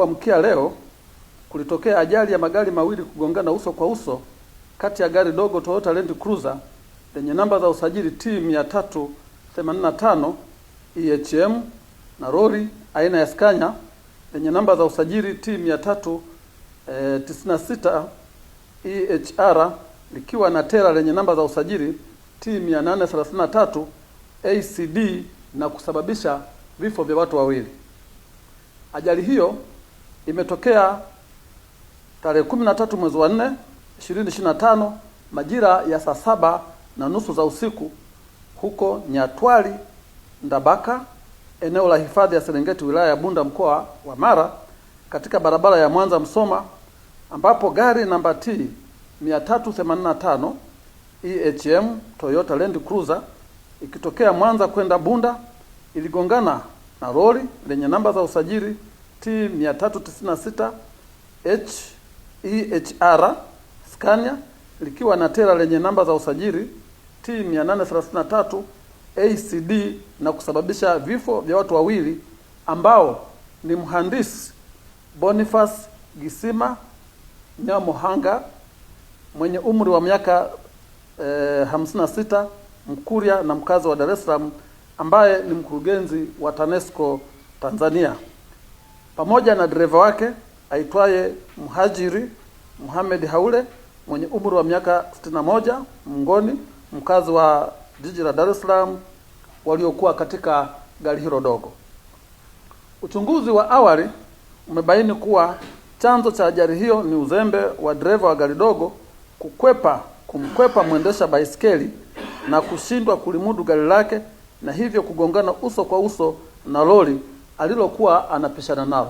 Kuamkia leo kulitokea ajali ya magari mawili kugongana uso kwa uso kati ya gari dogo Toyota Land Cruiser lenye namba za usajili T 385 EHM na lori aina ya Scania lenye namba za usajili T 396 EHR likiwa na tera lenye namba za usajili T 833 ACD na kusababisha vifo vya watu wawili. Ajali hiyo imetokea tarehe 13 mwezi wa 4 2025 majira ya saa saba na nusu za usiku huko Nyatwali Ndabaka eneo la hifadhi ya Serengeti wilaya ya Bunda mkoa wa Mara katika barabara ya Mwanza Msoma ambapo gari namba T 385 EHM Toyota Land Cruiser ikitokea Mwanza kwenda Bunda iligongana na lori lenye namba za usajili T 396 HEHR Scania likiwa na tela lenye namba za usajili T 833 ACD na kusababisha vifo vya watu wawili ambao ni mhandisi Boniface Gisima Nyamohanga mwenye umri wa miaka eh, 56 Mkuria na mkazi wa Dar es Salaam ambaye ni mkurugenzi wa TANESCO Tanzania pamoja na dereva wake aitwaye Mhajiri Muhammad Haule mwenye umri wa miaka 61, mngoni mkazi wa jiji la Dar es Salaam, waliokuwa katika gari hilo dogo. Uchunguzi wa awali umebaini kuwa chanzo cha ajali hiyo ni uzembe wa dereva wa gari dogo kukwepa kumkwepa mwendesha baisikeli na kushindwa kulimudu gari lake na hivyo kugongana uso kwa uso na lori alilokuwa anapishana nalo.